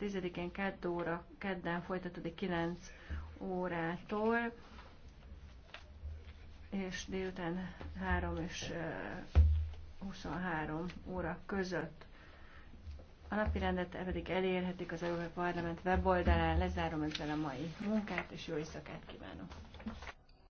10-én 2 óra, kedden folytatódik 9 órától, és délután 3 és 23 óra között. A napi rendet pedig elérhetik az Európai Parlament weboldalán. Lezárom ezzel a mai munkát, és jó éjszakát kívánok!